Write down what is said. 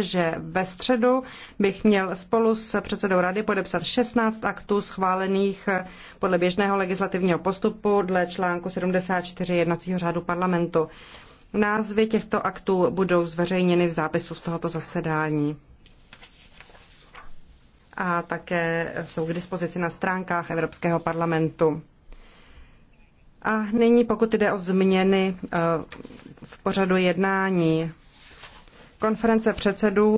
že ve středu bych měl spolu s předsedou rady podepsat 16 aktů schválených podle běžného legislativního postupu dle článku 74 jednacího řádu parlamentu. Názvy těchto aktů budou zveřejněny v zápisu z tohoto zasedání. A také jsou k dispozici na stránkách Evropského parlamentu. A nyní, pokud jde o změny eh, v pořadu jednání, konference předsedů